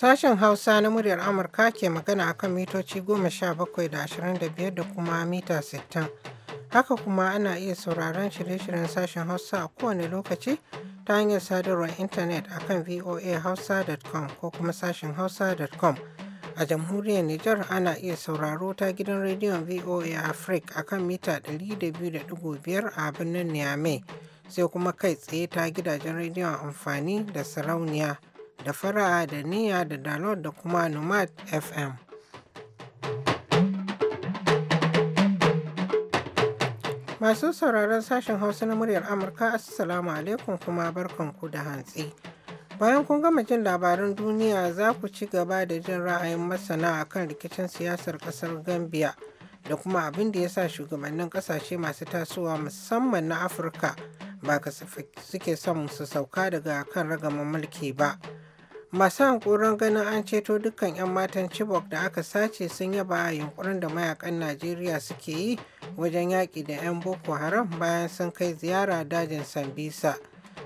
Sashen Hausa na muryar Amurka ke magana a kan mitoci goma sha bakwai da ashirin da biyar da kuma mita sittin. Haka kuma ana iya sauraron shirye-shiryen sashen Hausa a kowane lokaci ta hanyar sadarwar intanet a kan voahausa.com ko kuma sashen hausa.com. A jamhuriyar Nijar ana iya sauraro ta gidan rediyon VOA Africa a kan mita 200.5 a birnin Niamey sai kuma kai tsaye ta gidajen rediyon amfani da sarauniya da Fara'a da niya da download da kuma Nomad FM. Masu sauraron sashen Hausa na muryar Amurka, Assalamu alaikum kuma barkanku da hantsi. Bayan kun gama jin labaran duniya za ku ci gaba da jin ra'ayin masana a kan rikicin siyasar kasar Gambia da kuma abin da ya sa shugabannin kasashe masu tasowa musamman na Afirka ba ka suke son su sauka daga kan ragaman mulki ba. masu hankoron ganin an ceto dukkan 'yan matan chibok da aka sace sun yaba a yunkurin da mayakan najeriya suke yi wajen yaƙi da 'yan boko haram bayan sun kai ziyara dajin sambisa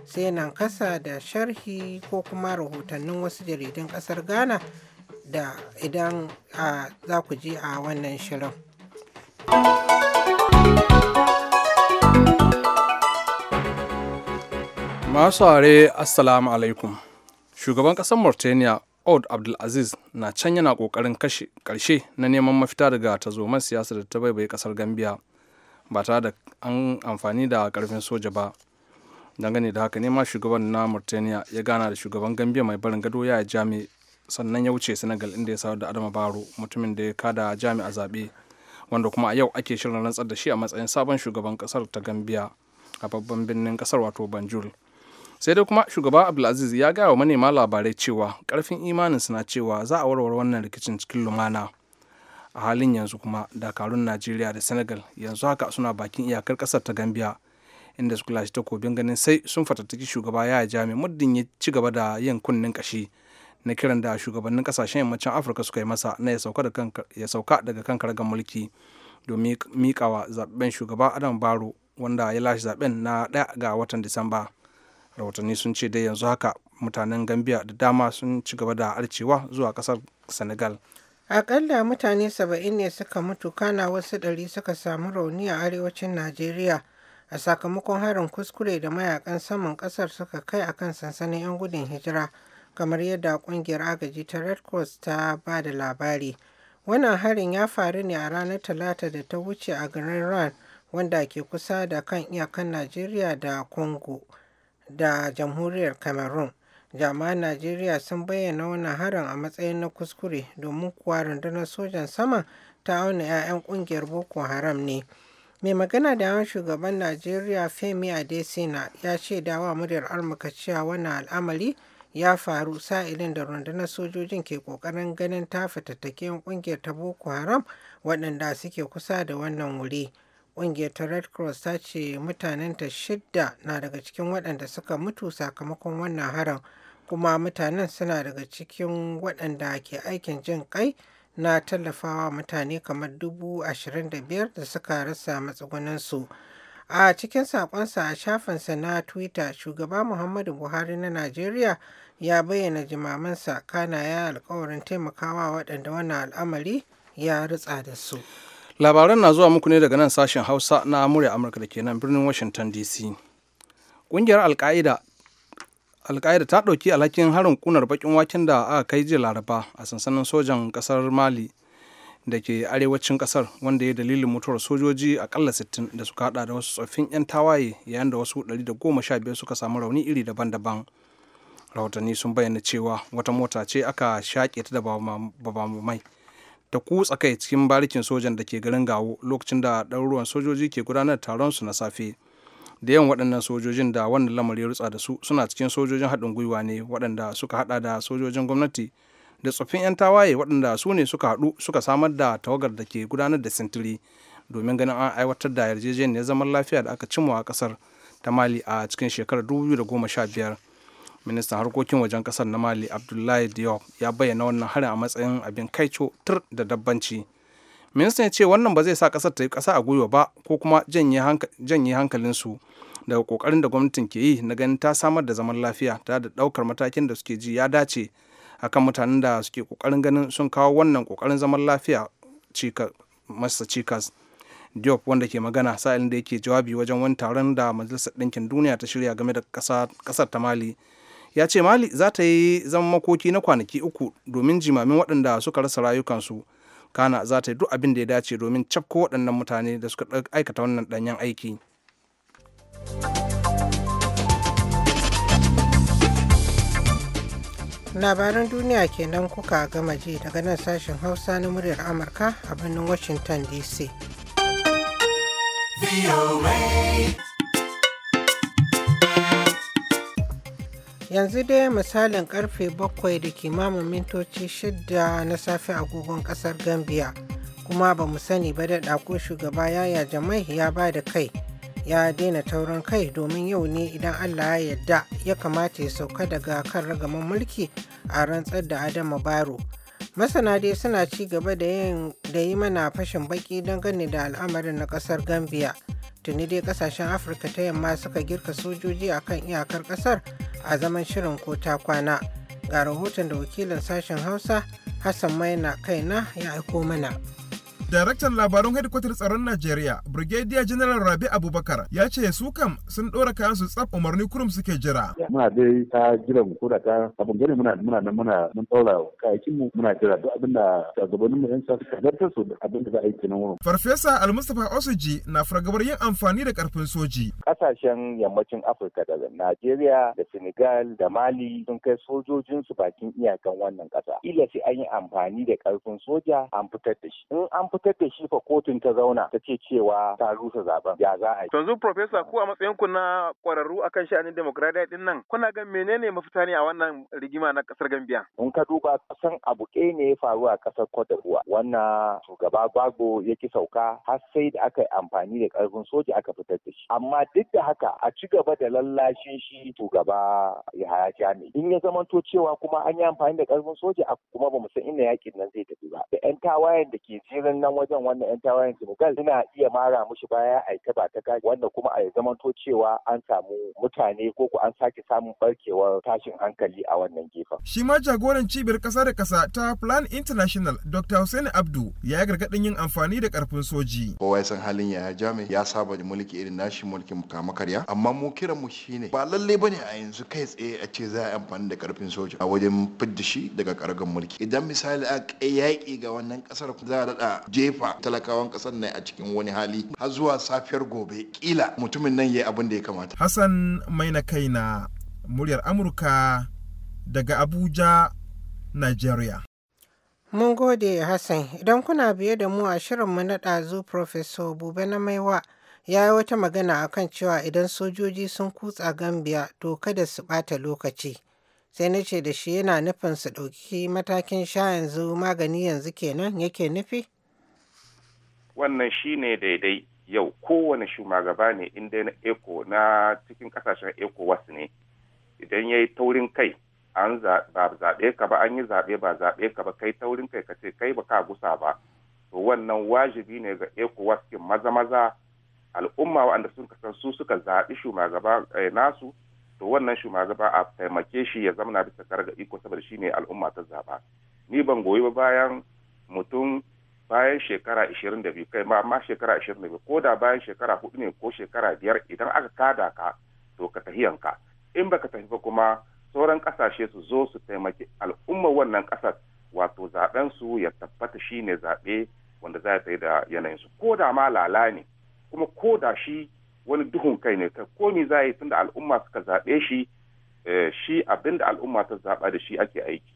sai nan kasa da sharhi ko kuma rahotannin wasu jaridun ƙasar ghana da idan za ku je a wannan shirin masu are assalamu alaikum shugaban ƙasar mauritania Oud Abdulaziz na can yana ƙoƙarin ƙarshe na neman mafita daga tazoman siyasa da ta baibaye ƙasar Gambia ba tare da an amfani da ƙarfin soja ba. Dangane da haka ne ma shugaban na Mauritania ya gana da shugaban Gambia mai barin gado ya jami sannan ya wuce Senegal inda ya sawar da Adama Baro mutumin da ya kada jami a zaɓe wanda kuma a yau ake shirin rantsar da shi a matsayin sabon shugaban ƙasar ta Gambia a babban birnin ƙasar wato Banjul. sai dai kuma shugaba abdulaziz ya gaya wa manema labarai cewa karfin imanin suna cewa za a warware wannan rikicin cikin lumana a halin yanzu kuma dakarun najeriya da senegal yanzu haka suna bakin iyakar kasar ta gambia inda su lashe takobin ganin sai sun fatattaki shugaba ya jami muddin ya ci gaba da yin kunnen kashi na kiran da shugabannin kasashen yammacin afirka suka yi masa na ya sauka daga kan karagar mulki domin mikawa zaben shugaba adam baro wanda ya lashe zaben na 1 ga watan disamba rahotanni sun ce dai yanzu haka mutanen gambia da dama sun ci gaba da arcewa zuwa kasar senegal akalla mutane saba'in ne suka mutu kana wasu ɗari suka samu rauni a arewacin najeriya a sakamakon harin kuskure da mayakan saman ƙasar suka kai akan sansanin 'yan gudun hijira kamar yadda ƙungiyar agaji ta red cross ta ba da labari wannan harin ya faru ne a ranar talata da ta wuce a garin ran wanda ke kusa da kan iyakan najeriya da congo da jamhuriyar cameroon jama'a najeriya sun bayyana wannan harin a matsayin na kuskure domin kuwa rundunar sojan sama ta auna 'ya'yan kungiyar boko haram ne mai magana da yawan shugaban najeriya femi adesina ya ce dawa muryar amurka cewa wannan al'amari ya faru sa'ilin da rundunar sojojin ke kokarin ganin ta fitattakin kungiyar ta boko haram waɗanda suke kusa da wannan wuri Ƙungiyar ta Red Cross ta ce mutanenta shidda na daga cikin waɗanda suka mutu sakamakon wannan harin kuma mutanen suna daga cikin waɗanda ke aikin jin ƙai na tallafawa mutane kamar dubu ashirin da biyar da suka rasa matsugunansu. A cikin saƙonsa a shafinsa na Twitter, shugaba Muhammadu Buhari na Najeriya ya bayyana jimamansa kana ya alkawarin taimakawa waɗanda wannan al'amari ya ritsa da su. labaran na zuwa muku ne daga nan sashen hausa na murya amurka da ke nan birnin washington dc ƙungiyar alka'ida ta ɗauki alhakin harin kunar bakin waken da aka kai jiya laraba a sansanin sojan ƙasar mali da ke arewacin ƙasar wanda ya dalilin mutuwar sojoji akalla 60 da suka hada da wasu tsoffin 'yan tawaye yayin da wasu 115 suka samu rauni iri daban-daban rahotanni sun bayyana cewa wata mota ce aka shaƙe ta da babamai ta kutsa kai cikin barikin sojan da ke garin gawo lokacin da ɗaruruwan sojoji ke gudanar taron su na safe da yawan waɗannan sojojin da wannan lamari rutsa da su suna cikin sojojin haɗin gwiwa ne waɗanda suka haɗa da sojojin gwamnati da tsoffin 'yan tawaye waɗanda su ne suka haɗu suka samar da tawagar da ke gudanar da sintiri domin ganin an aiwatar da yarjejeniyar zaman lafiya da aka cimma a ƙasar ta mali a cikin shekarar 2015 ministan harkokin wajen kasar na mali abdullahi diop ya bayyana wannan harin a matsayin abin kaico tur da dabbanci ministan ya ce wannan ba zai sa kasar ta yi kasa a gwiwa ba ko kuma janye hankalinsu daga kokarin da gwamnatin ke yi na ganin ta samar da zaman lafiya ta da daukar matakin da suke ji ya dace akan mutanen da suke kokarin ganin sun kawo wannan kokarin zaman lafiya masa cikas diop wanda ke magana sa'ilin da yake jawabi wajen wani taron da majalisar ɗinkin duniya ta shirya game da kasar ta mali ya ce mali za ta yi zama makoki na kwanaki uku domin jimamin waɗanda suka rasa rayukansu kana za ta yi duk abin da ya dace domin cafko waɗannan mutane da suka aikata wannan ɗanyen aiki labaran duniya kenan kuka gama ji daga nan sashen hausa na muryar amurka a birnin washington dc yanzu dai misalin karfe 7 da kimamin mintoci 6 na safe agogon kasar gambia kuma ba mu sani ba da ko shugaba yaya jamai ya ba da kai ya daina taurin kai domin yau ne idan allah ya yarda ya kamata ya sauka daga kan ragaman mulki a rantsar da adama baro masana dai suna ci gaba da yi mana fashin baki don dangane da al'amarin na kasar gambia tuni dai kasashen afirka ta yamma suka girka sojoji a kan iyakar kasar a zaman shirin ko ta kwana ga rahoton da wakilin sashen hausa hassan maina kaina ya aiko mana Daraktan labarun hedikwatar tsaron Najeriya, Brigadier General Rabi Abubakar, ya ce su kam sun dora kayan su tsaf umarni kurum suke jira. Muna dai ta jiran ko da ta abin gani muna muna nan muna mun ɗaura kayakin mu muna jira duk abin da shugabannin mu yan sa suka zartar su da abin da za a yi kenan wurin. Farfesa almustafa Osuji na fargabar yin amfani da karfin soji. Kasashen yammacin Afirka daga Najeriya da Senegal da Mali sun kai su bakin iyakan wannan kasa Ila sai an yi amfani da karfin soja an fitar da shi. In an fitar fitar da shi fa kotun ta zauna ta ce cewa ta rusa zaben ya za a yi. Yanzu Profesa ku a matsayin ku na kwararru akan sha'anin demokradiyya din nan kuna ga menene mafita ne a wannan rigima na kasar Gambia? In ka duba kasan abu ɗaya ne ya faru a kasar Cote d'Ivoire wannan shugaba Gbagbo ya ki sauka har sai da aka yi amfani da ƙarfin soja aka fitar da shi. Amma duk da haka a ci gaba da lallashin shi shugaba Yahaya Jami. In ya zamanto cewa kuma an yi amfani da ƙarfin soja kuma ba mu san ina yaƙin nan zai tafi ba. Da 'yan tawayen da ke jirin nan nan wajen wannan yan tawayen Senegal suna iya mara mushi baya a ita ba ta wanda kuma a zamanto cewa an samu mutane ko ku an sake samun barkewar tashin hankali a wannan gefen. Shi ma jagoran cibiyar ƙasa da ƙasa ta Plan International Dr. Hussein Abdu ya yi gargaɗin yin amfani da ƙarfin soji. Kowa ya san halin yaya jami ya saba da mulki irin nashi mulkin mukamakarya amma mu kiran mu shine ba lallai bane a yanzu kai tsaye a ce za a amfani da ƙarfin soja a wajen fidda shi daga ƙargan mulki. Idan misali a yaƙi ga wannan ƙasar za a daɗa jefa talakawan ƙasar nan a cikin wani hali har zuwa safiyar gobe kila mutumin nan yayi abin da ya kamata hassan mai na kai na muryar amurka daga abuja nigeria mun gode hassan idan kuna biye da mu a shirin mu na ɗazu professor bube na maiwa ya yi wata magana akan cewa idan sojoji sun kutsa gambia to kada su ɓata lokaci sai na ce da shi yana nufin su ɗauki matakin sha yanzu magani yanzu kenan yake nufi wannan shi ne daidai yau kowane shugaba ne inda na eco na cikin kasashen ecowas ne idan ya yi taurin kai an ba zaɓe ka ba an yi zaɓe ba zaɓe ka ba kai taurin kai ka ce kai ba ka gusa ba to wannan wajibi ne ga ecowas kin maza maza al'umma waanda sun kasan su suka zaɓi shugaba eh, nasu to wannan shugaba a taimake shi ya zamana bisa ga iko saboda shine al'umma ta zaɓa ni ban goyi ba bayan mutum bayan shekara 22 kai ma amma shekara 22 ko da bayan shekara hudu ne ko shekara biyar idan aka kada ka to ka yanka in baka tafi ba kuma sauran kasashe su zo su taimaki al'ummar wannan kasar wato zaben su ya tabbata shine zaɓe wanda za ya tsaye da yanayin su ko da ma lala ne kuma ko da shi wani duhun kai ne ko komi za yi tunda al'umma suka zaɓe shi eh, shi abinda al'umma ta zaɓa da shi ake aiki.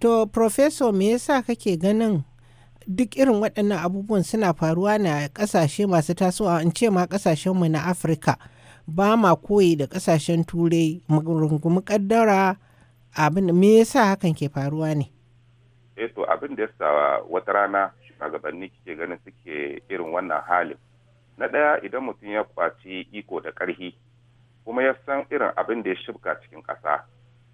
To, Professor, me yasa kake ganin duk irin waɗannan abubuwan suna faruwa na ƙasashe masu tasowa in ce ma ƙasashenmu na afirka ba ma koyi da ƙasashen turai rungumi ƙaddara abin me yasa hakan ke faruwa ne eh to abin da yasa wata rana shugabanni kike ganin suke irin wannan halin na ɗaya idan mutum ya kwaci iko da ƙarfi kuma ya san irin abin da ya shibka cikin ƙasa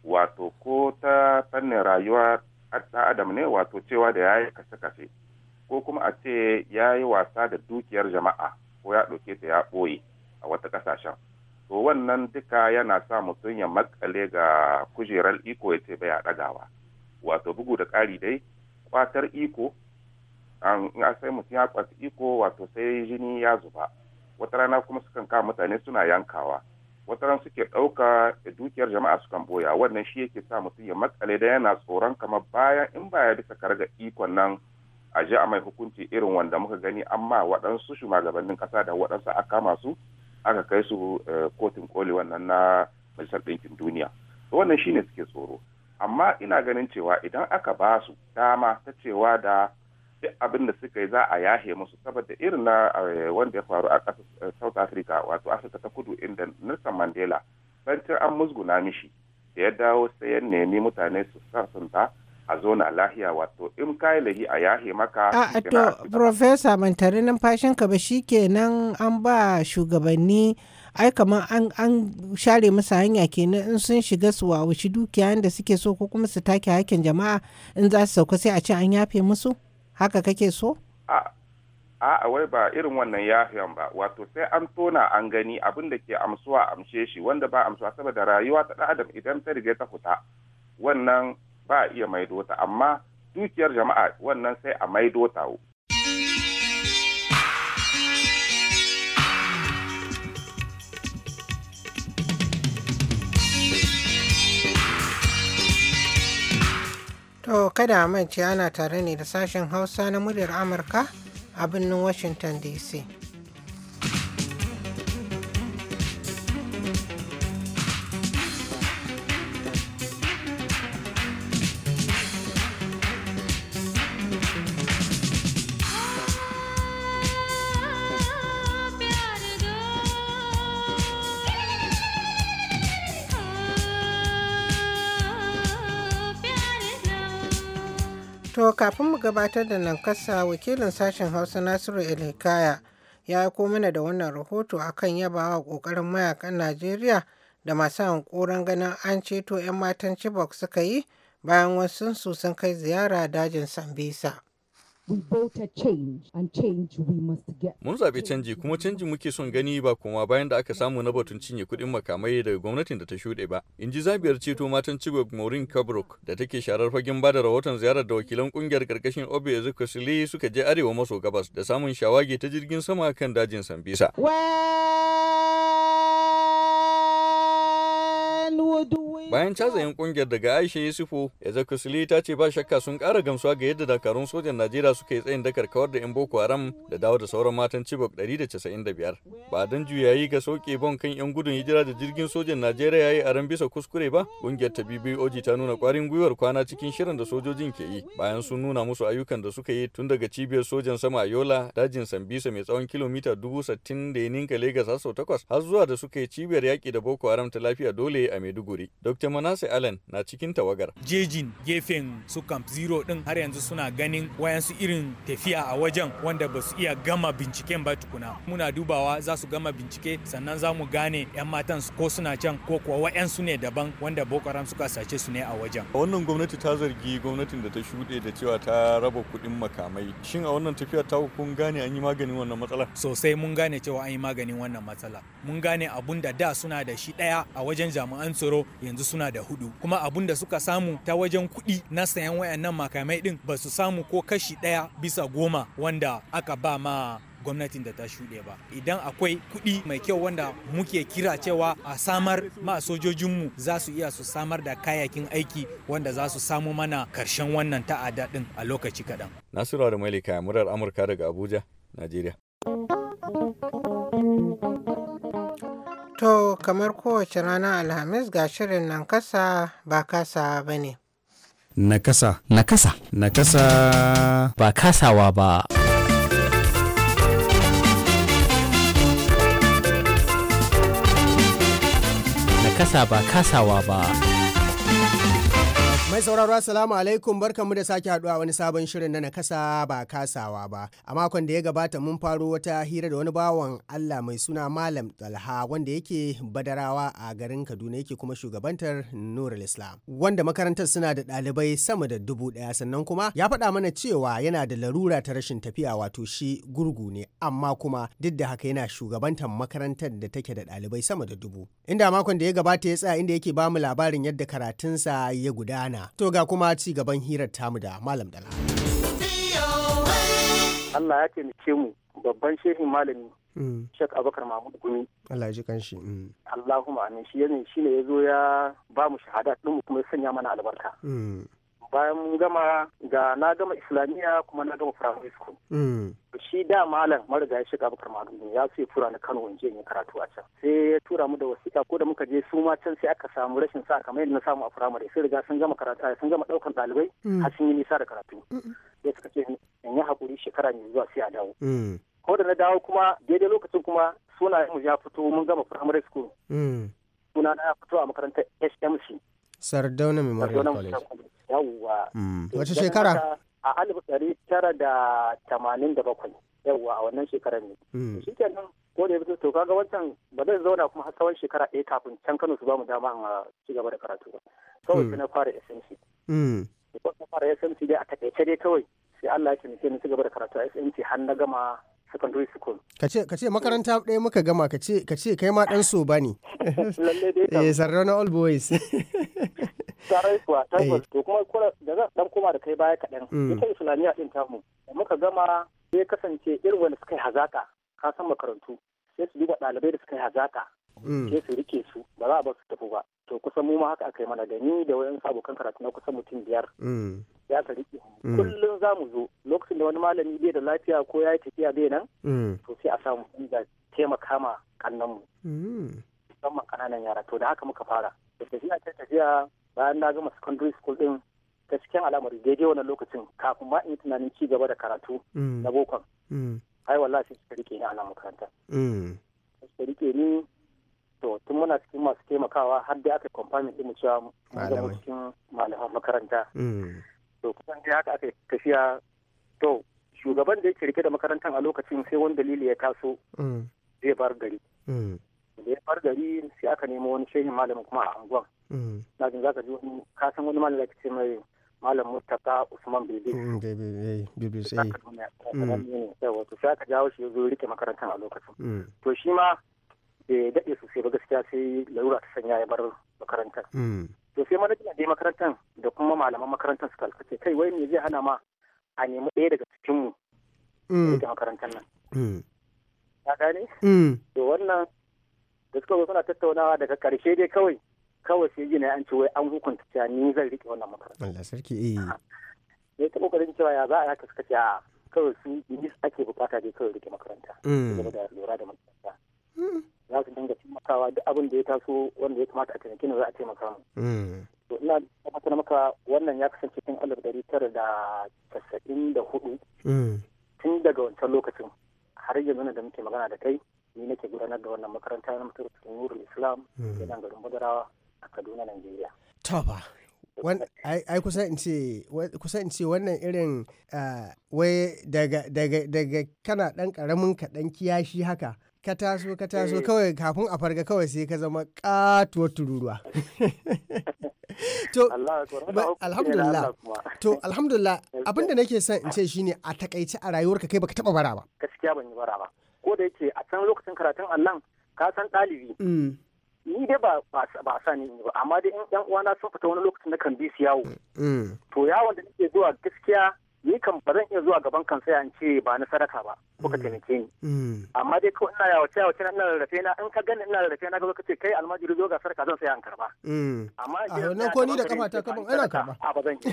wato ko ta fannin rayuwa ɗan adam ne wato cewa da ya yi kashe-kashe ko kuma a ce ya yi wasa da dukiyar jama'a ko ya ɗauke ta ya ɓoye a wata ƙasashen to wannan duka yana sa mutum ya makale ga kujerar iko ya ce baya ɗagawa wato bugu da ƙari dai ƙwatar iko in sai mutum ya kwata iko wato sai jini ya zuba wata rana kuma sukan kawo mutane suna yankawa wataran suke ɗauka dukiyar jama'a su kan boya wannan shi yake sa mutum ya matsale da yana tsoron kama bayan in baya bisa karga ikon nan a ji a mai hukunci irin wanda muka gani amma waɗansu shugabannin ƙasa da waɗansu a kama su aka kai su eh, kotun koli wannan na majalisar ɗinkin duniya wannan shine suke tsoro amma ina ganin cewa idan aka ba su dama ta cewa da duk abin da suka yi za a yahe musu saboda irin na eh, wanda ya faru a ƙasar eh, south africa wato afirka ta kudu inda nelson mandela bancin an musguna mishi da ya dawo sai ya nemi mutane su sassanta a zona lahiya wato in kayi lahi a yahe maka ah, a to professor mantari numfashin ka ba shi kenan an ba shugabanni ai kamar an share musu hanya kenan in sun shiga su wawushi dukiya da suke so ko kuma su take hakkin jama'a in za su sauka sai a ce an yafe musu haka kake so a'a wai ba irin wannan yafiyan ba wato sai an tona an gani abin da ke amsuwa amshe shi wanda ba amsuwa saboda rayuwa ta adam idan ta riga ta fita wannan ba a iya maido ta amma dukiyar jama'a wannan sai a maido ta To kada a mance ana tare ne da sashen Hausa na muryar Amurka a birnin Washington DC. gabatar da Nankasa wakilin sashen Hausa Nasiru Elhikaya ya aiko mana da wannan rahoto akan yabawa ƙoƙarin mayakan Najeriya da masu hankoran ganin an ceto 'yan matan Chibok suka yi bayan wasu sun kai ziyara dajin Sambisa. Mun zaɓi canji kuma canji muke son gani ba kuma bayan da aka samu na batun cinye kuɗin makamai daga gwamnatin da ta shuɗe ba. In ji zabiyar ceto matan Chibok Maureen Kabrok da take sharar fagen bada rahoton ziyarar da wakilan kungiyar karkashin Obi Ezekwesili suka je arewa maso gabas da samun shawagi ta jirgin sama kan dajin Sambisa. Bayan cazayin kungiyar daga Aisha Yusufu, Ezekusili ta ce ba shakka sun kara gamsuwa ga yadda dakarun sojan Najeriya suka yi tsayin dakar kawar da 'yan Boko Haram da dawo da sauran matan Chibok 195. Ba don juyayi ga sauke bon kan 'yan gudun hijira da jirgin sojan Najeriya ya yi a ran bisa kuskure ba, kungiyar ta oji ta nuna kwarin gwiwar kwana cikin shirin da sojojin ke yi bayan sun nuna musu ayyukan da suka yi tun daga cibiyar sojan sama a Yola, dajin Sambisa mai tsawon kilomita dubu sittin da ya ninka Legas har sau takwas har zuwa da suka yi cibiyar yaƙi da Boko Haram ta lafiya dole a Maiduguri. Dr. manase Allen na cikin tawagar. Jejin gefen su Camp Zero din har yanzu suna ganin wayansu irin tafiya a wajen wanda ba su iya gama binciken ba tukuna. Muna dubawa za su gama bincike sannan za mu gane 'yan matan ko suna can ko kuwa wayansu ne daban wanda Boko Haram suka sace su ne a wajen. a Wannan gwamnati ta zargi gwamnatin da ta shuɗe da cewa ta raba kuɗin makamai. Shin a wannan tafiyar ta kun gane an yi maganin wannan matsalar? Sosai mun gane cewa an yi maganin wannan matsala. Mun gane abun da da suna da shi ɗaya a wajen jami'an tsaro yanzu yanzu suna da hudu kuma abun da suka samu ta wajen kuɗi na sayan wayannan makamai din ba su samu ko kashi ɗaya bisa goma wanda aka ba ma gwamnatin da ta shuɗe ba idan akwai kuɗi mai kyau wanda muke kira cewa a samar ma sojojinmu za su iya su samar da kayakin aiki wanda za su samu mana karshen wannan ta'ada din a lokaci kaɗan nasiru da malika murar amurka daga abuja najeriya To kamar kowace rana Alhamis ga shirin nan kasa ba kasa ba ne. Na Na kasa. kasa. Na kasa. Ba kasawa ba. Nakasa ba kasawa ba. Mai sauraro Assalamu alaikum barkamu da sake haduwa wani sabon shirin na nakasa ba kasawa ba. A makon da ya gabata mun faro wata hira da wani bawan Allah mai suna Malam Talha wanda yake badarawa a garin Kaduna yake kuma shugabantar Nurul Islam. Wanda makarantar suna da ɗalibai sama da dubu ɗaya sannan kuma ya faɗa mana cewa yana da larura ta rashin tafiya wato shi gurgu ne amma kuma duk da haka yana shugabantar makarantar da take da ɗalibai sama da dubu. Inda makon da ya gabata ya tsaya inda yake ba mu labarin yadda karatunsa ya gudana. Ghana. To ga kuma ci gaban hirar tamu da Malam Dala. Allah ya taimake mu babban shehin malami mm. Sheikh Abubakar Mahmud Gumi. Allah ya ji kanshi. Mm. Allahumma amin shi ne ya zo ya ba mu shahada din mu kuma ya sanya mana albarka. Mm. bayan mun gama ga na gama islamiyya kuma na gama primary school mm. shi da malam mariga ya shiga bakar madudu ya sai tura ni kano in je in karatu a can sai ya tura mu da wasiƙa ko da muka je su ma can sai aka samu rashin sa kamar yadda na samu a firamare sai riga sun gama karatu sun gama ɗaukan ɗalibai mm. har sun yi nisa da karatu ya suka ce in yi hakuri shekara ne zuwa sai a dawo mm. ko da na dawo kuma daidai lokacin kuma sunayen ya fito mun gama primary school suna na ya fito a makarantar HMC sardauna memorial college yawwa mm. wace shekara a alif ɗari tara da tamanin da bakwai yawwa a wannan shekarar ne mm. shi kenan ko da ya fito to kaga wancan ba zai zauna kuma har tsawon shekara ɗaya kafin can kano su ba mu dama a ci gaba da karatu ba kawai sai mm. na fara smc na fara smc dai a takaice dai kawai sai allah ya taimake ni ci gaba da karatu a smc har na gama secondary school ka ce makaranta ɗaya muka gama ka ce kai ma ɗan so dai ne eh all boys sarai kuwa eh. to kuma da zan dan koma da kai baya kaɗan mm. ita islamiyya ɗin tamu da muka gama sai kasance irin wanda suka yi hazaka ka san makarantu sai su duba ɗalibai da suka yi hazaka Mm. sai su rike su ba za a ba su tafi ba to kusan mu ma haka aka yi mana da ni da wayan abokan karatu na kusan mutum biyar mm. ya ka rike mm. kullum za mu zo lokacin da wani malami bai da lafiya ko ya yi tafiya bai nan to sai a samu inda taimaka ma mu musamman kananan yara to da haka muka fara da tafiya ta tafiya bayan na gama secondary school din ta cikin alamar daidai wannan lokacin kafin ma in tunanin ci gaba da karatu na bokon ai wallahi sai suka rike ni a nan makaranta suka rike ni to tun muna cikin masu taimakawa har da aka kwamfani mu cewa mu cikin malaman makaranta mm. to kusan dai haka aka tafiya to shugaban da yake rike da makarantar a lokacin sai wani dalili ya taso mm. zai bar gari mm. da ya bar gari sai aka nemo wani shehin malamin kuma a anguwan na jin zaka ji wani kasan wani malamin da ce mai malam mustapha usman bebe bebe sai sai aka jawo shi ya zo rike makarantar a lokacin to shi ma bai daɗe sosai ba gaskiya sai larura ta sanya ya bar makarantar. Mm. To sai manajan da makarantar da kuma malaman makarantar suka kalkace kai wai me zai hana ma a nemi ɗaya daga cikinmu. da mm. makarantar nan. Ya mm. gane? To wannan da suka zo suna tattaunawa daga ƙarshe dai kawai kawai sai gina an ce wai an hukunta cewa ni zan riƙe wannan makarantar. Allah sarki eh. Ne ta kokarin cewa ya za a haka suka ce a kawai su ake bukata dai kawai riƙe makaranta. da lura da makaranta. za su dinga taimakawa duk abin da ya taso wanda ya kamata a taimaki ni za a taimaka mu. Hmm. to ina tabbatar maka wannan ya kasance cikin alif dari tara da casa'in da hudu hmm. tun daga wancan lokacin har yanzu da muke magana da kai ni nake gudanar da wannan makaranta na mutum cikin nurul islam hmm. da nan garin budarawa a kaduna nigeria. Taba. ai kusa in ce wannan irin ah, wai daga kana dan karamin kaɗan kiyashi haka ka taso ka taso eh. kawai kafin a farga kawai sai ka zama katuwar tururuwa to alhamdulillah to alhamdulillah abinda nake son in ce shine a takaice a rayuwarka kai baka taba bara ba gaskiya ban yi bara ba ko da yake a can lokacin karatun Allah ka san dalibi mm. ni dai ba ba sa ni ba amma dai in yan uwana sun fita wani lokacin na kan bi su yawo mm. to yawon da nake zuwa gaskiya ni kan ba zan iya zuwa gaban kan sai an ce ba na sadaka ba ko ka mm. taimake ni mm. amma dai ko ina yawace wacce ina rarrafe na in ka gani ina rarrafe na ka ce kai almajiri zo ga sadaka zan saya an karba mm. amma a nan ko ni da kafa ta kaban ana karba a ba zan yi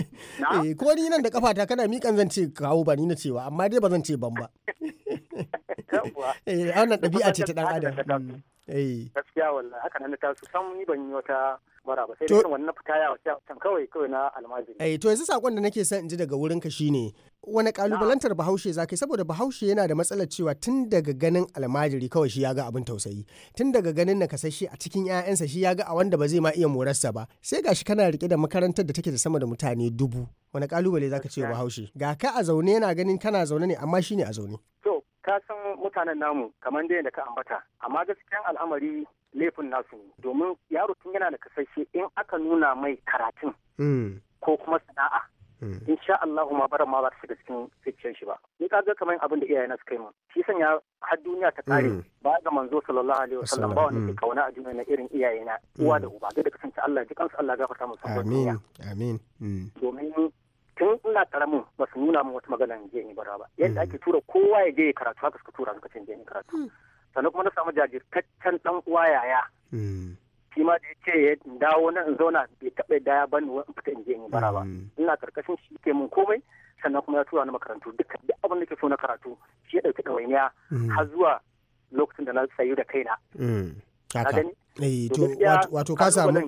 eh, ko ni nan da kafa ta kana miƙan zan ce kawo ba ni na cewa amma dai ba zan ce ban ba a eh, wannan ɗabi'a ce ta ɗan adam Eh. gaskiya wallahi haka nan ta su san ni ban yi wata mara ba sai dai wannan fita ya wata can kawai kawai na almajiri eh to yanzu sakon da nake son in ji daga wurin ka shine wani kalubalantar bahaushe zaka saboda bahaushe yana da matsalar cewa tun daga ganin almajiri kawai shi ya ga abin tausayi tun daga ganin nakasasshe a cikin 'ya'yansa shi ya ga a wanda ba zai ma iya morarsa ba sai gashi kana rike da makarantar da take da sama da mutane dubu wani kalubale zaka ce bahaushe ga ka a zaune yana ganin kana zaune ne amma shine a zaune ka san mutanen namu kamar dai da ka ambata amma gaskiyan al'amari laifin nasu domin yaro tun yana da kasashe in aka nuna mai karatun hmm. ko kuma sana'a hmm. in sha Allahu ma bara ma ba ta shiga cikin fikiyan shi ba ni ka ga kamar abin da iyayena suka yi min shi sanya har duniya ta kare hmm. ba ga manzo sallallahu alaihi wasallam ba wanda ke kauna a duniya na irin iyayena uwa da uba da kasance Allah ji kansu Allah gafarta musu amin amin domin tun ina karamin ba su nuna min wata magana in je in bara ba yadda ake tura kowa ya je ya karatu haka suka tura suka ce je in karatu hmm. sannan kuma na samu jajirtaccen dan uwa yaya hmm. shi ma da yace ce ya dawo nan in zauna bai taɓa yadda ya bani wani fita in je in bara ba hmm. ina karkashin shi ke mun komai sannan kuma ya tura ni makarantu duka duk abin da ke so na karatu shi ya ɗauki ɗawainiya har zuwa lokacin da na sayu da kaina. Haka. Eh, wato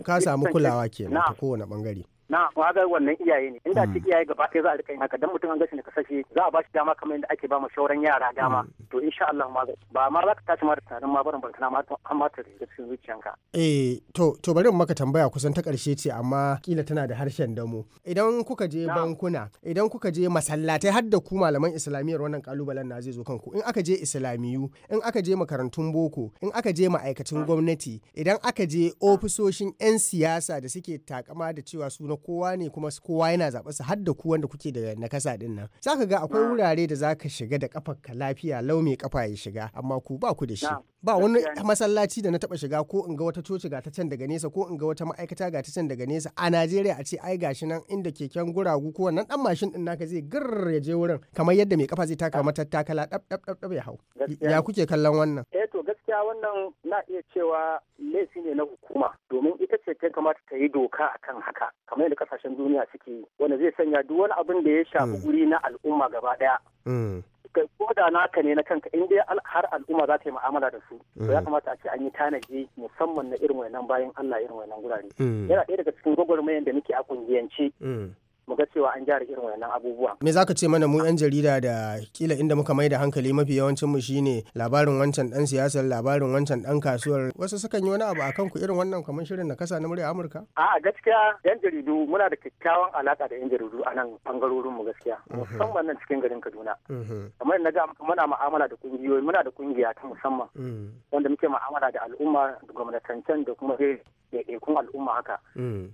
ka samu kulawa kenan ta kowane bangare. na ga wannan iyaye ne inda hmm. cikin iyaye gaba ɗaya za a rika yin haka dan mutum an gashi da kasashe za a ba shi dama kamar yadda ake ba ma shauran yara dama hmm. to insha Allah ma ba ma za ka tashi ma da tunanin ma barin barkana ma ma ta da cikin zuciyanka eh to to bari mu maka tambaya kusan ta ƙarshe ce amma kila tana da harshen damu. idan kuka je bankuna idan kuka je masallatai har da ku malaman islamiyar wannan kalubalen na zai zo kanku in aka je islamiyu in aka je makarantun boko in aka je ma'aikacin hmm. gwamnati idan aka je ofisoshin 'yan siyasa da suke takama da cewa su na kowa ne kuma kowa yana zaɓa su har da ku wanda kuke da nakasa din nan zaka ga akwai wurare da zaka shiga da kafarka lafiya lau mai kafa ya shiga amma ku ba ku da shi ba wani masallaci da na taba shiga ko in ga wata coci ga ta can daga nesa ko in ga wata ma'aikata ga ta can daga nesa a Najeriya a ce ai gashi nan inda keken guragu ko wannan dan mashin din naka zai gir ya je wurin kamar yadda mai kafa zai taka mata takala dab dab dab ya hau ya kuke kallon wannan eh to gaskiya wannan na iya cewa laifi ne na hukuma domin ita ce ta kamata ta yi doka akan haka kamar yadda kasashen duniya suke yi wanda zai sanya duk wani abin da ya shafi hmm. guri na al'umma gaba daya hmm. ko da naka ne na kanka in dai har al'umma za ta yi mu'amala da su to ya hmm. kamata a ce an yi tanaji musamman na irin wannan bayan Allah irin wannan gurare yana ɗaya daga cikin gwagwarmayan da muke a kungiyance mu ga cewa an gyara irin wannan abubuwa Me za ka ce mana mu 'yan jarida da kila inda muka mai da hankali mafi yawancin mu shine labarin wancan dan siyasar labarin wancan dan kasuwar wasu sukan yi wani abu akan ku irin wannan kamar shirin na kasa na murya Amurka? A'a gaskiya 'yan jaridu muna da kyakkyawan alaka da 'yan jaridu a nan bangarorin mu gaskiya mhm. musamman nan cikin garin Kaduna. Mhm. Kamar na ga muna mu'amala da kungiyoyi muna da kungiya ta musamman mhm. wanda muke mu'amala da al'umma da gwamnatancen da kuma kun al'umma haka.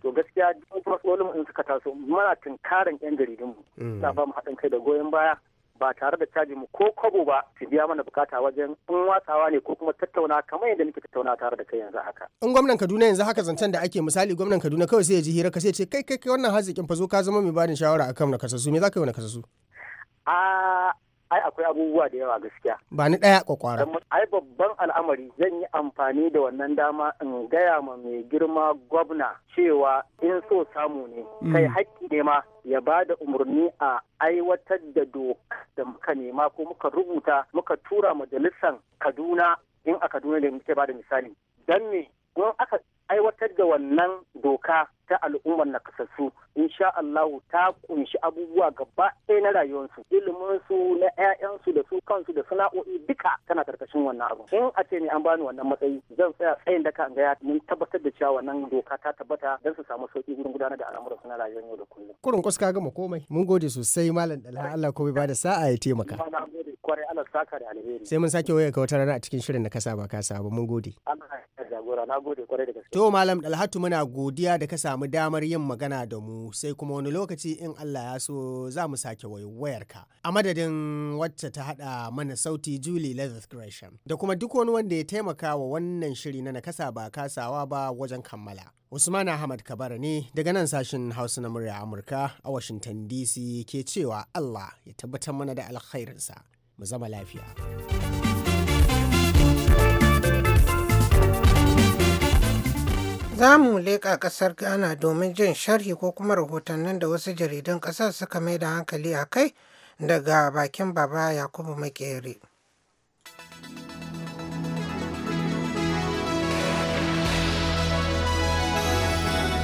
To gaskiya duk matsalolin in suka taso muna karin 'yan jaridunmu mm. za ba mu haɗin kai da goyon baya ba tare da caji mu ko kwabo ba su biya mana bukata wajen in watsawa ne ko kuma tattauna kamar yadda muke tattauna tare da kai yanzu haka. In gwamnan Kaduna yanzu haka zancen da ake misali gwamnan Kaduna kawai sai ya ji hira ka sai ce kai kai kai wannan haziƙin fa zo ka zama mai bada shawara akan na kasasu me za ka yi wa na kasasu? A ai akwai abubuwa da yawa gaskiya. Ba ni ɗaya kwakwara. Ai babban al'amari zan yi amfani da wannan dama in gaya ma mai girma gwamna cewa in so samu ne mm. kai hakki ne ma ya ba da umarni a aiwatar da doka da muka nema ko muka rubuta muka tura majalisar Kaduna in a Kaduna da muke ba da misali. Don me don aka aiwatar da wannan doka ta al'ummar nakasassu insha Allah ta kunshi abubuwa gaba ɗaya na rayuwarsu iliminsu na 'ya'yansu da su kansu da sana'o'i duka tana karkashin wannan abu in a ce ne an bani wannan matsayi zan tsaya tsayin daka in gaya mun tabbatar da cewa wannan doka ta tabbata don su samu sauki wurin gudanar da al'amuran su na rayuwar yau da kullum Kurun kus ka gama komai mun gode sosai malam dalha Allah ko bai bada sa'a ya taimaka kware Allah saka da alheri sai mun sake waya ka wata rana a cikin shirin na kasa ba kasa ba mun gode Allah saura na gode kwarai da gaske to malam dalhatu muna godiya da ka samu damar yin magana da mu sai kuma wani lokaci in Allah ya so za mu sake wayarka a madadin wacce ta hada mana sauti Julie Leather Gresham da kuma duk wani wanda ya taimaka wa wannan shiri na nakasa ba kasawa ba wajen kammala Usman Ahmad Kabara ne daga nan sashin Hausa na murya Amurka a Washington DC ke cewa Allah ya tabbatar mana da alkhairinsa mu zama lafiya. Za mu leƙa ƙasar Ghana domin jin sharhi ko kuma rahotannin da wasu jaridun ƙasar suka mai da hankali a kai daga bakin Baba Yakubu Makere.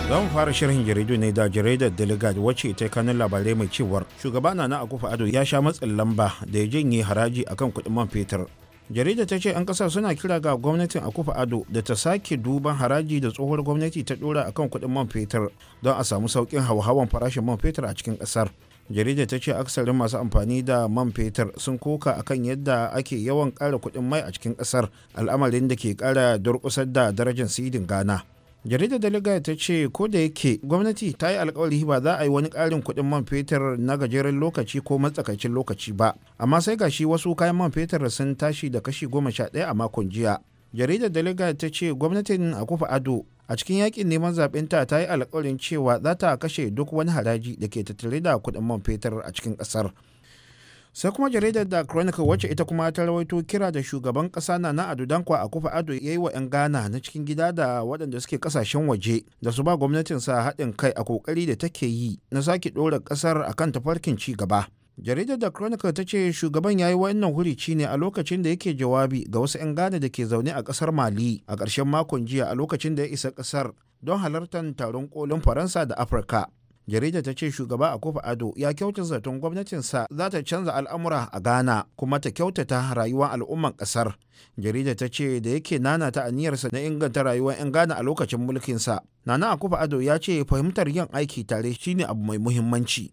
Don fara shirin jaridu ne da jaridar delegate wacce ta kanin labarai mai cewar shugaba na na akufa ado ya sha matsin lamba da ya janye haraji akan kuɗin man fetur jarida ta ce 'yan kasa suna kira ga gwamnatin akufa ado da ta sake duban haraji da tsohuwar gwamnati ta dora akan kuɗin man fetur don a samu sauƙin hauhawan farashin man fetur a cikin ƙasar jarida ta ce aksarin masu amfani da man fetur sun koka akan yadda ake yawan ƙara kuɗin mai a cikin ƙasar al'amarin da ke ƙara durƙusar da darajar sidin ghana jaridar daliga ta ce ko da yake gwamnati ta yi alkawari ba za a yi wani karin kuɗin man fetur na gajeren lokaci ko matsakaicin lokaci ba amma sai gashi wasu kayan man fetur sun tashi da kashi goma sha ɗaya a makon jiya jaridar daliga ta ce gwamnatin a akufa ado a cikin yakin neman zaben ta ta yi alkawarin cewa za ta kashe duk wani haraji da ke tattare da kuɗin man fetur a cikin kasar. sai kuma jaridar da chronicle wacce ita kuma ta rawaito kira da shugaban kasa na na ado dankwa a kufa ado ya yi wa 'yan ghana na cikin gida da waɗanda suke kasashen waje da su ba gwamnatin sa haɗin kai a kokari da take yi na sake ɗora ƙasar a kan tafarkin ci gaba jaridar da chronicle ta ce shugaban ya yi wannan hurici ne a lokacin da yake jawabi ga wasu 'yan ghana da ke zaune a ƙasar mali a ƙarshen makon jiya a lokacin da ya isa ƙasar don halartar taron kolin faransa da afirka jarida ta ce shugaba a kofa ado ya kyauta zaton gwamnatinsa za ta canza al'amura a ghana kuma ta kyautata rayuwar al'umman kasar jarida ta ce da yake nana ta aniyarsa na inganta rayuwar 'yan ghana a lokacin mulkinsa nana a kofa ado ya ce fahimtar yin aiki tare shine abu mai muhimmanci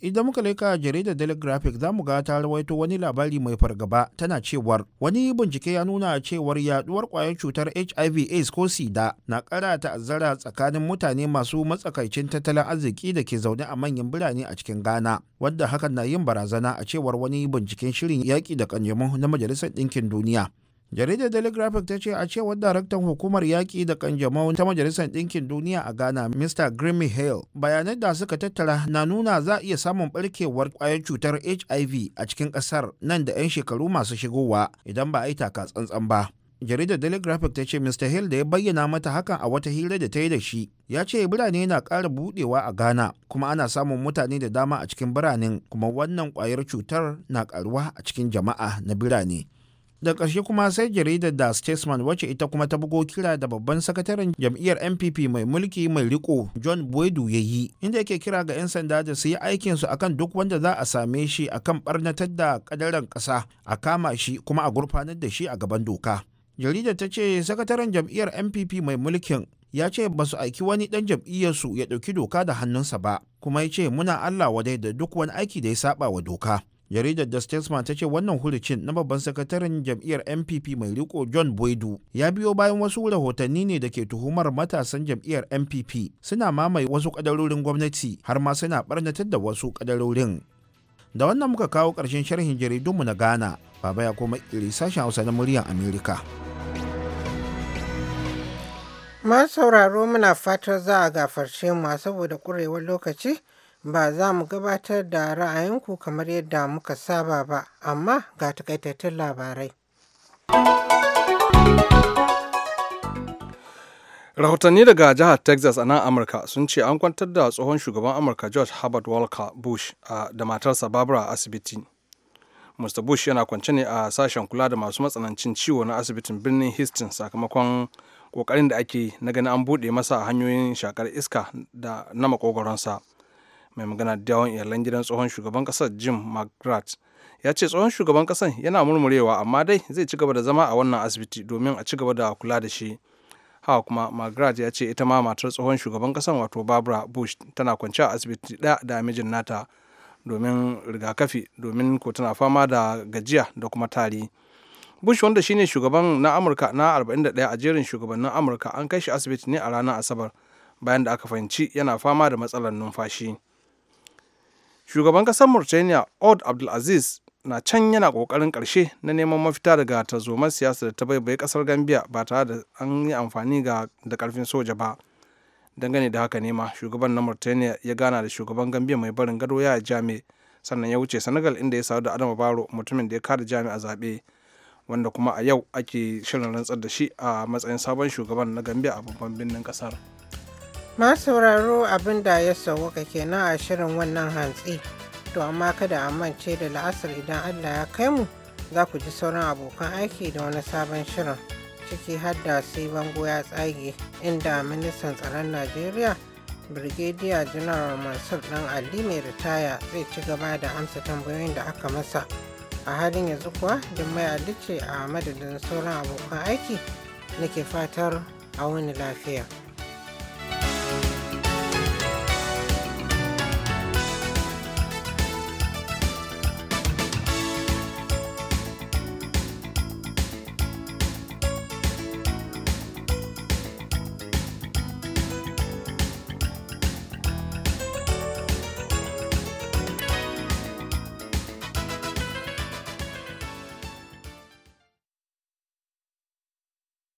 idan muka leka jaridar daily graphic za mu ga ta rawaito wani labari mai fargaba tana cewar wani bincike ya nuna cewar yaduwar kwayar cutar hiv aids ko sida na kara ta'azzara tsakanin mutane masu matsakaicin tattalin arziki da ke zaune a manyan birane a cikin ghana wadda hakan na yin barazana a cewar wani binciken shirin yaƙi da kanjamu na majalisar ɗinkin duniya jaridar daily graphic ta ce a cewar daraktan hukumar yaƙi da kanjamau ta majalisar ɗinkin duniya a ghana mr grimmy hale bayanan da suka tattara na nuna za a iya samun ɓarkewar ƙwayar cutar hiv a cikin ƙasar nan da 'yan shekaru masu shigowa idan ba a yi taka tsantsan ba jaridar daily graphic ta ce mr hill da ya bayyana mata hakan a wata hira da ta yi da shi ya ce birane na ƙara buɗewa a ghana kuma ana samun mutane da dama a cikin biranen kuma wannan ƙwayar cutar na ƙaruwa a cikin jama'a na birane da ƙarshe kuma sai jaridar da statesman wacce ita kuma ta bugo kira da babban sakataren jam'iyyar npp mai mulki mai riko john boydu ya yi inda yake kira ga 'yan sanda da su yi aikinsu akan duk wanda za a same shi a kan ɓarnatar da kadaran ƙasa a kama shi kuma a gurfanar da shi a gaban doka jaridar ta ce sakataren jam'iyyar npp mai mulkin ya ce ba su aiki wani ɗan jam'iyyarsu ya ɗauki doka da hannunsa ba kuma ya ce muna allah wadai da duk wani aiki da ya saba wa doka jaridar da statesman ta ce wannan hulicin na babban sakataren jam'iyyar npp mai riko john boydu ya biyo bayan wasu rahotanni ne da ke tuhumar matasan jam'iyyar npp suna mamaye wasu kadarorin gwamnati har ma suna barnatar da wasu kadarorin da wannan muka kawo ƙarshen sharhin jaridunmu na ghana baba ya koma iri sashen hausa na muryar amerika masu sauraro muna fatar za a gafarce mu saboda kurewar lokaci ba za mu gabatar da ra'ayinku kamar yadda muka saba ba, amma ga takaitattun labarai. Rahotanni daga jihar Texas a nan Amurka sun ce an kwantar da tsohon shugaban Amurka George Herbert Walker Bush da matarsa Barbara asibiti. Mr. Bush yana kwance ne a sashen kula da masu matsanancin ciwo na asibitin birnin Houston sakamakon kokarin da ake na ganin an buɗe masa hanyoyin shakar iska da na makogoronsa. mai magana da yawon iyalan gidan tsohon shugaban kasar jim mcgrath ya ce tsohon shugaban kasar yana murmurewa amma dai zai ci gaba da zama a wannan asibiti domin a ci gaba da kula da shi haka kuma mcgrath ya ce ita ma matar tsohon shugaban kasar wato barbara bush tana kwance a asibiti ɗaya da mijin nata domin rigakafi domin ko tana fama da gajiya da kuma tari bush wanda shine shugaban na amurka na 41 a jerin shugabannin amurka an kai shi asibiti ne a ranar asabar bayan da aka fahimci yana fama da matsalar numfashi. shugaban ƙasar mauritania od abdulaziz na can yana kokarin karshe na neman mafita daga tazomar siyasa da ta baibaye kasar gambia ba tare da an yi amfani da karfin soja ba dangane da haka ne ma shugaban na mauritania ya gana da shugaban gambia mai barin gado ya jami sannan ya wuce senegal inda ya sadu da adama baro mutumin da ya kada jami a zaɓe wanda kuma a yau ake shirin rantsar da shi a matsayin sabon shugaban na gambia a babban birnin kasar. Masu sauraro abin da ya sauwaka kenan a shirin wannan hantsi. To amma kada a mance da la'asar idan Allah ya kai mu za ku ji sauran abokan aiki da wani sabon shirin. Ciki har da sai bango ya tsage inda ministan tsaron Najeriya Brigadier General Mansur Dan Ali mai ritaya zai ci gaba da amsa tambayoyin da aka masa. A halin yanzu kuwa Jummai Ali ce a madadin sauran abokan aiki nake fatar a wani lafiya.